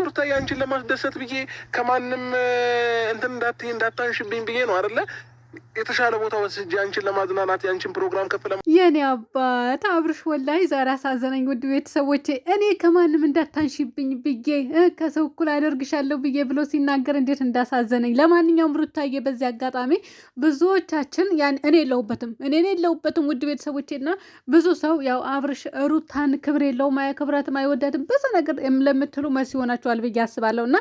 ኩርታ ያንቺን ለማስደሰት ብዬ ከማንም እንትን እንዳትይ እንዳታንሽብኝ ብዬ ነው አደለ የተሻለ ቦታ ወስጄ አንቺን ለማዝናናት የአንቺን ፕሮግራም ከፍለ የኔ አባት አብርሽ ወላሂ ዛሬ አሳዘነኝ። ውድ ቤተሰቦቼ እኔ ከማንም እንዳታንሽብኝ ብዬ ከሰው እኩል አደርግሻለሁ ብዬ ብሎ ሲናገር እንዴት እንዳሳዘነኝ። ለማንኛውም ሩታዬ በዚህ አጋጣሚ ብዙዎቻችን ያን እኔ የለሁበትም እኔ የለሁበትም ውድ ቤተሰቦቼና ብዙ ሰው ያው አብርሽ ሩታን ክብር የለውም አያከብራትም፣ አይወዳትም ብዙ ነገር ለምትሉ መልስ ይሆናችኋል ብዬ አስባለሁ እና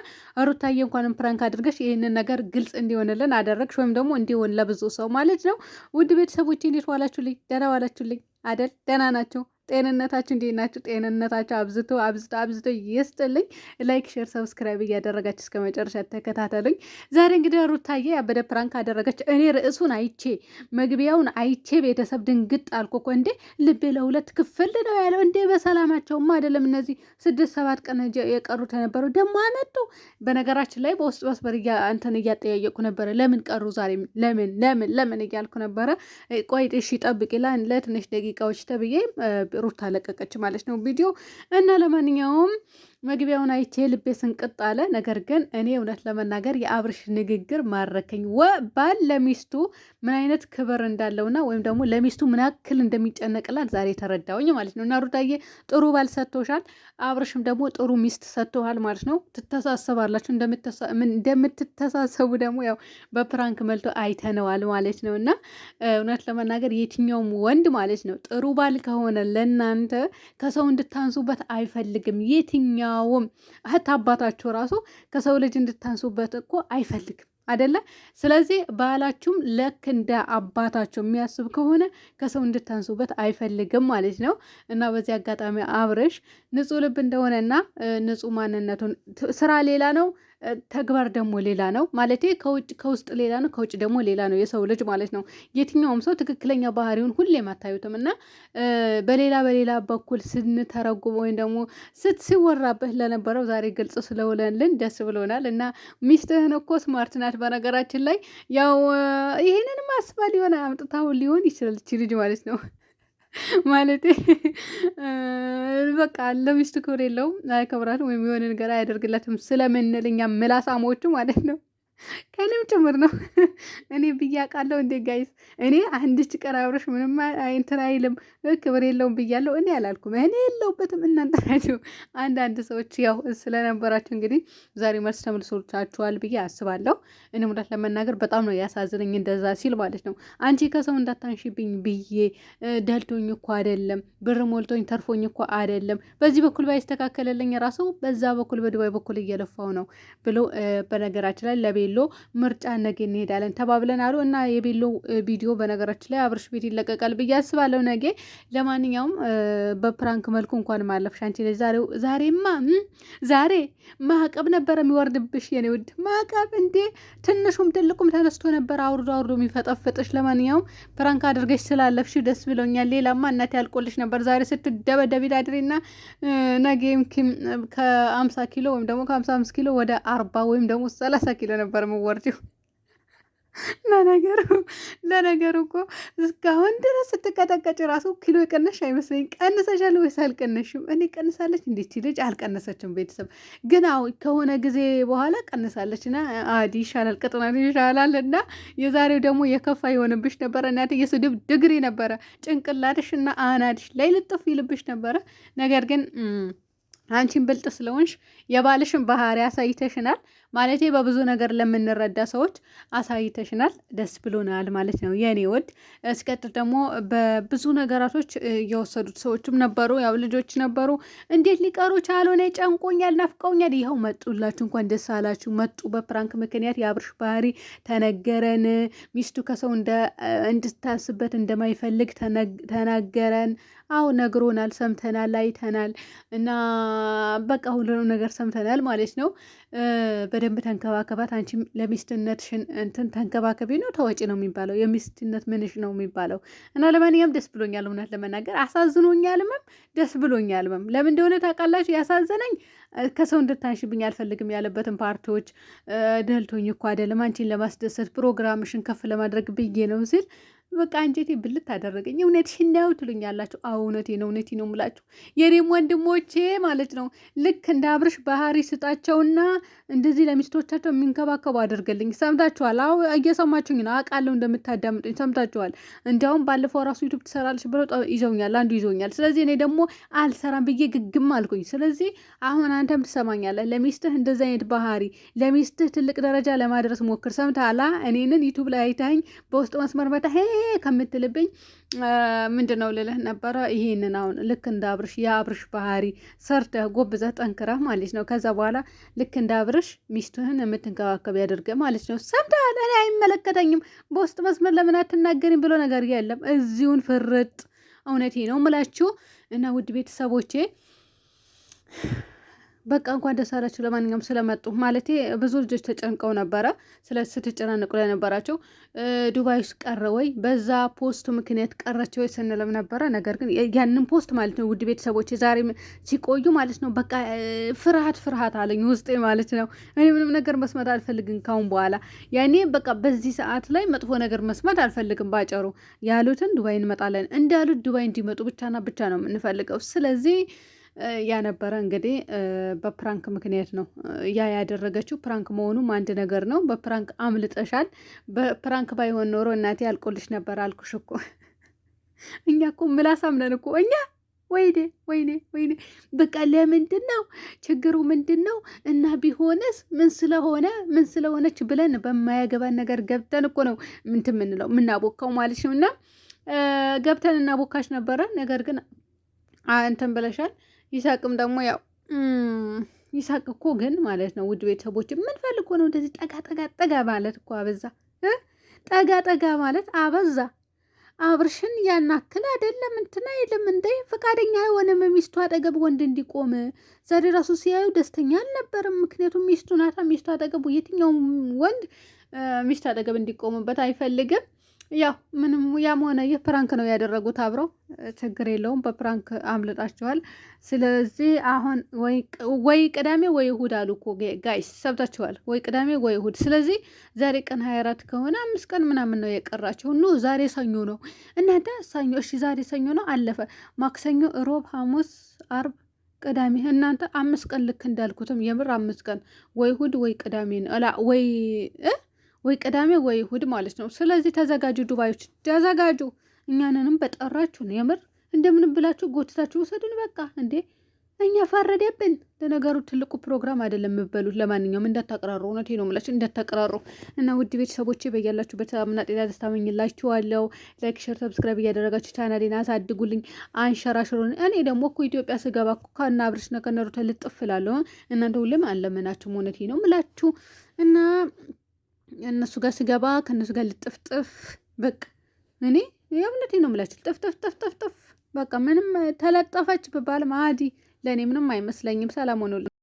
ሩታዬ እንኳንም ፕራንክ አድርገሽ ይህንን ነገር ግልጽ እንዲሆንልን አደረግሽ ወይም ደግሞ እንዲሆን ለብዙ ሰው ማለት ነው። ውድ ቤተሰቦቼ እንዴት ዋላችሁልኝ? ደህና ዋላችሁልኝ አደል? ደህና ናቸው ጤንነታችሁ እንዴት ናችሁ? ጤንነታችሁ አብዝቶ አብዝቶ አብዝቶ ይስጥልኝ። ላይክ፣ ሼር፣ ሰብስክራይብ እያደረጋችሁ እስከ መጨረሻ ተከታተሉኝ። ዛሬ እንግዲህ ሩታዬ ያበደ ፕራንክ አደረገች። እኔ ርዕሱን አይቼ መግቢያውን አይቼ ቤተሰብ ድንግጥ አልኩ እኮ። እንዴ ልቤ ለሁለት ክፍል ነው ያለው። እንዴ በሰላማቸውማ አይደለም እነዚህ ስድስት ሰባት ቀን የቀሩት የነበረው ደግሞ አመጡ። በነገራችን ላይ በውስጥ መስበር እንትን እያጠያየቁ ነበረ። ለምን ቀሩ ዛሬ ለምን ለምን ለምን እያልኩ ነበረ። ቆይ እሺ ጠብቂ ለትንሽ ደቂቃዎች ተብዬ ሩታ ለቀቀች ማለት ነው ቪዲዮ እና ለማንኛውም መግቢያውን አይቼ ልቤ ስንቅጥ አለ። ነገር ግን እኔ እውነት ለመናገር የአብርሽ ንግግር ማረከኝ። ባል ለሚስቱ ምን አይነት ክብር እንዳለውና ወይም ደግሞ ለሚስቱ ምን ያክል እንደሚጨነቅላት ዛሬ ተረዳውኝ ማለት ነው። እና ሩዳዬ ጥሩ ባል ሰጥቶሻል፣ አብርሽም ደግሞ ጥሩ ሚስት ሰጥቶሃል ማለት ነው። ትተሳሰባላችሁ። እንደምትተሳሰቡ ደግሞ ያው በፕራንክ መልቶ አይተነዋል ማለት ነው። እና እውነት ለመናገር የትኛውም ወንድ ማለት ነው ጥሩ ባል ከሆነ ለእናንተ ከሰው እንድታንሱበት አይፈልግም የትኛው ማንኛውም እህት አባታችሁ ራሱ ከሰው ልጅ እንድታንሱበት እኮ አይፈልግም አደለ? ስለዚህ ባላችሁም ልክ እንደ አባታችሁ የሚያስብ ከሆነ ከሰው እንድታንሱበት አይፈልግም ማለት ነው። እና በዚህ አጋጣሚ አብርሽ ንጹሕ ልብ እንደሆነና ንጹሕ ማንነቱን ስራ ሌላ ነው ተግባር ደግሞ ሌላ ነው። ማለቴ ከውጭ ከውስጥ ሌላ ነው፣ ከውጭ ደግሞ ሌላ ነው። የሰው ልጅ ማለት ነው። የትኛውም ሰው ትክክለኛ ባህሪውን ሁሌም አታዩትም እና በሌላ በሌላ በኩል ስንተረጉም ወይም ደግሞ ሲወራብህ ለነበረው ዛሬ ግልጽ ስለሆነልን ደስ ብሎናል። እና ሚስትህን እኮ ስማርት ናት። በነገራችን ላይ ያው ይህንን ማስባል ሊሆን አምጥታው ሊሆን ይችላል ልጅ ማለት ነው። ማለት በቃ ለሚስቱ ክብር የለውም፣ አያከብራትም ወይም የሆነ ነገር አያደርግላትም ስለምንል እኛ ምላሳሞቹ ማለት ነው። ከእኔም ጭምር ነው። እኔ ብያቃለሁ እንዴ ጋይስ፣ እኔ አንድች ቀን አብረሽ ምንም እንትን አይልም ክብር የለውም ብያለሁ። እኔ አላልኩም፣ እኔ የለውበትም። እናንተ ናችሁ አንዳንድ ሰዎች ያው ስለነበራችሁ እንግዲህ ዛሬ መልስ ተመልሶቻችኋል ብዬ አስባለሁ። እኔ ሙላት ለመናገር በጣም ነው ያሳዝነኝ፣ እንደዛ ሲል ማለት ነው። አንቺ ከሰው እንዳታንሽብኝ ብዬ ደልቶኝ እኮ አይደለም፣ ብር ሞልቶኝ ተርፎኝ እኮ አይደለም። በዚህ በኩል ባይስተካከለልኝ ራሱ በዛ በኩል በዱባይ በኩል እየለፋው ነው ብሎ በነገራችን ላይ ለቤ ቤሎ ምርጫ ነገ እንሄዳለን ተባብለን አሉ እና የቤሎ ቪዲዮ በነገራችን ላይ አብርሽ ቤት ይለቀቃል ብዬ አስባለሁ ነገ። ለማንኛውም በፕራንክ መልኩ እንኳን ማለፍሽ አንቺ ነሽ። ዛሬማ ዛሬ ማዕቀብ ነበረ የሚወርድብሽ የኔ ውድ ማዕቀብ እንዴ! ትንሹም ትልቁም ተነስቶ ነበር አውርዶ አውርዶ የሚፈጠፍጥሽ። ለማንኛውም ፕራንክ አድርገሽ ስላለፍሽ ደስ ብሎኛል። ሌላማ እናት ያልቆልሽ ነበር። ዛሬ ስትደበደቢ ዳድሬና ነገም ከአምሳ ኪሎ ወይም ደግሞ ከአምሳ አምስት ኪሎ ወደ አርባ ወይም ደግሞ ሰላሳ ኪሎ ነበር ነበር የምወርጂው። ለነገሩ ለነገሩ እኮ እስካሁን ድረስ ስትቀጠቀጭ ራሱ ኪሎ የቀነሽ አይመስለኝ። ቀንሰሻል ወይስ አልቀነሽም? እኔ ቀንሳለች እንዲች ልጅ አልቀነሰችም። ቤተሰብ ግን አዎ ከሆነ ጊዜ በኋላ ቀንሳለች። ና አዲ ይሻላል ቅጥና ይሻላል። እና የዛሬው ደግሞ የከፋ የሆንብሽ ነበረ እና የስድብ ድግሪ ነበረ ጭንቅላትሽ እና አናድሽ ላይ ልጥፍ ይልብሽ ነበረ ነገር ግን አንቺን ብልጥ ስለሆንሽ የባልሽን ባህሪ አሳይተሽናል። ማለት በብዙ ነገር ለምንረዳ ሰዎች አሳይተሽናል። ደስ ብሎናል ማለት ነው የእኔ ውድ። እስቀጥል ደግሞ በብዙ ነገራቶች የወሰዱት ሰዎችም ነበሩ፣ ያው ልጆች ነበሩ። እንዴት ሊቀሩ ቻሉ? እኔ ጨንቆኛል፣ ናፍቀውኛል። ይኸው መጡላችሁ፣ እንኳን ደስ አላችሁ። መጡ። በፕራንክ ምክንያት የአብርሽ ባህሪ ተነገረን። ሚስቱ ከሰው እንድታስበት እንደማይፈልግ ተናገረን። አዎ ነግሮናል፣ ሰምተናል፣ አይተናል እና በቃ ሁሉንም ነገር ሰምተናል ማለት ነው። በደንብ ተንከባከባት። አንቺ ለሚስትነት እንትን ተንከባከቢ ነው ተወጪ ነው የሚባለው የሚስትነት ምንሽ ነው የሚባለው እና ለማንኛውም ደስ ብሎኛል። እውነት ለመናገር አሳዝኖኛልምም ደስ ብሎኛልምም። ለምን እንደሆነ ታውቃላችሁ? ያሳዘነኝ ከሰው እንድታንሽብኝ አልፈልግም ያለበትን ፓርቲዎች ደልቶኝ እኮ አይደለም አንቺን ለማስደሰት ፕሮግራምሽን ከፍ ለማድረግ ብዬ ነው ሲል በቃ አንጀቴ ብልት አደረገኝ። እውነትሽን ነው ትሉኛላችሁ። አዎ እውነቴ ነው፣ እውነቴ ነው የምላችሁ የኔም ወንድሞቼ ማለት ነው። ልክ እንደ አብርሽ ባህሪ ስጣቸውና እንደዚህ ለሚስቶቻቸው የሚንከባከቡ አድርገልኝ። ሰምታችኋል? አሁ እየሰማችሁኝ ነው፣ አውቃለሁ እንደምታዳምጡኝ ሰምታችኋል። እንዲያውም ባለፈው ራሱ ዩቱብ ትሰራለች ብለው ይዘውኛል፣ አንዱ ይዘውኛል። ስለዚህ እኔ ደግሞ አልሰራም ብዬ ግግም አልኩኝ። ስለዚህ አሁን አንተም ትሰማኛለህ። ለሚስትህ እንደዚህ አይነት ባህሪ ለሚስትህ ትልቅ ደረጃ ለማድረስ ሞክር። ሰምታላ እኔንን ዩቱብ ላይ አይታኝ በውስጥ መስመር መታ ከምትልብኝ ምንድን ነው ልልህ ነበረ። ይህንን አሁን ልክ እንደ አብርሽ የአብርሽ ባህሪ ሰርተህ ጎብዘህ ጠንክረህ ማለት ነው። ከዛ በኋላ ልክ እንደ አብርሽ ሚስትህን የምትንከባከብ ያደርገ ማለት ነው። ሰምተሃል? እኔ አይመለከተኝም በውስጥ መስመር ለምን አትናገሪም ብሎ ነገር የለም። እዚሁን ፍርጥ እውነቴ ነው ምላችሁ እና ውድ ቤተሰቦቼ በቃ እንኳን ደስ አላችሁ። ለማንኛውም ስለመጡ ማለት ብዙ ልጆች ተጨንቀው ነበረ፣ ስትጨናነቁ ላይ ነበራቸው። ዱባይ ውስጥ ቀረ ወይ በዛ ፖስቱ ምክንያት ቀረች ወይ ስንለም ነበረ። ነገር ግን ያንን ፖስት ማለት ነው ውድ ቤተሰቦች ዛሬ ሲቆዩ ማለት ነው በቃ ፍርሃት ፍርሃት አለኝ ውስጤ ማለት ነው። እኔ ምንም ነገር መስማት አልፈልግም ካሁን በኋላ ያኔ በቃ በዚህ ሰዓት ላይ መጥፎ ነገር መስማት አልፈልግም። ባጨሩ ያሉትን ዱባይ እንመጣለን እንዳሉት ዱባይ እንዲመጡ ብቻና ብቻ ነው የምንፈልገው። ስለዚህ ያነበረ እንግዲህ በፕራንክ ምክንያት ነው ያ ያደረገችው። ፕራንክ መሆኑም አንድ ነገር ነው። በፕራንክ አምልጠሻል። በፕራንክ ባይሆን ኖሮ እናቴ አልቆልሽ ነበር አልኩሽ እኮ። እኛ እኮ ምላሳም ነን እኮ እኛ። ወይኔ ወይኔ ወይኔ! በቃ ለምንድን ነው ችግሩ? ምንድን ነው እና ቢሆንስ ምን ስለሆነ ምን ስለሆነች ብለን በማያገባን ነገር ገብተን እኮ ነው ምንት ምንለው ምናቦካው ማለት ነው እና ገብተን እናቦካሽ ነበረ ነገር ግን እንትን ብለሻል ይሳቅም ደግሞ ያው ይሳቅ እኮ ግን ማለት ነው ውድ ቤተሰቦች ምን ፈልጎ ነው እንደዚህ ጠጋ ጠጋ ጠጋ ማለት እኮ አበዛ። ጠጋ ጠጋ ማለት አበዛ። አብርሽን ያናክል አይደለም እንትና የለም እንደ ፈቃደኛ አይሆንም ሚስቱ አጠገብ ወንድ እንዲቆም። ዛሬ ራሱ ሲያዩ ደስተኛ አልነበርም። ምክንያቱም ሚስቱ ናታ። ሚስቱ አጠገቡ የትኛውም ወንድ ሚስት አጠገብ እንዲቆምበት አይፈልግም። ያው ምንም ያም ሆነ ይህ ፕራንክ ነው ያደረጉት አብረው፣ ችግር የለውም በፕራንክ አምልጣችኋል። ስለዚህ አሁን ወይ ቅዳሜ ወይ እሁድ አሉ እኮ ጋይስ፣ ሰብታችኋል። ወይ ቅዳሜ ወይ እሁድ። ስለዚህ ዛሬ ቀን ሀያ አራት ከሆነ አምስት ቀን ምናምን ነው የቀራቸው። ኑ ዛሬ ሰኞ ነው እናንተ። ሰኞ እሺ፣ ዛሬ ሰኞ ነው አለፈ። ማክሰኞ፣ ሮብ፣ ሐሙስ፣ አርብ ቅዳሜ እናንተ አምስት ቀን ልክ እንዳልኩትም የምር አምስት ቀን ወይ ሁድ ወይ ቅዳሜ ነው ወይ ወይ ቅዳሜ ወይ እሁድ ማለት ነው። ስለዚህ ተዘጋጁ፣ ዱባዮች ተዘጋጁ። እኛንንም በጠራችሁን የምር እንደምን ብላችሁ ጎትታችሁ ውሰዱን። በቃ እንዴ እኛ ፈረደብን። ለነገሩ ትልቁ ፕሮግራም አይደለም የምበሉት። ለማንኛውም እንዳታቀራሩ፣ እውነቴ ነው የምላችሁ እንዳታቀራሩ። እና ውድ ቤተሰቦቼ በያላችሁበት ሰላምና ጤና ደስታ እመኝላችኋለሁ። ላይክ፣ ሸር፣ ሰብስክራይብ እያደረጋችሁ ቻናሌን አሳድጉልኝ፣ አንሸራሽሩን። እኔ ደግሞ እኮ ኢትዮጵያ ስገባ እኮ ከነ አብርሽ ነከነሩ ተልጥፍላለሁ። እናንተ ሁሌም አለመናችሁም፣ እውነቴ ነው የምላችሁ እና እነሱ ጋር ስገባ ከእነሱ ጋር ልጥፍጥፍ በቃ እኔ የእምነቴ ነው የምላችሁ ጥፍጥፍ በቃ ምንም ተለጠፈች ብባል ማዲ ለእኔ ምንም አይመስለኝም። ሰላም ሆኖልኝ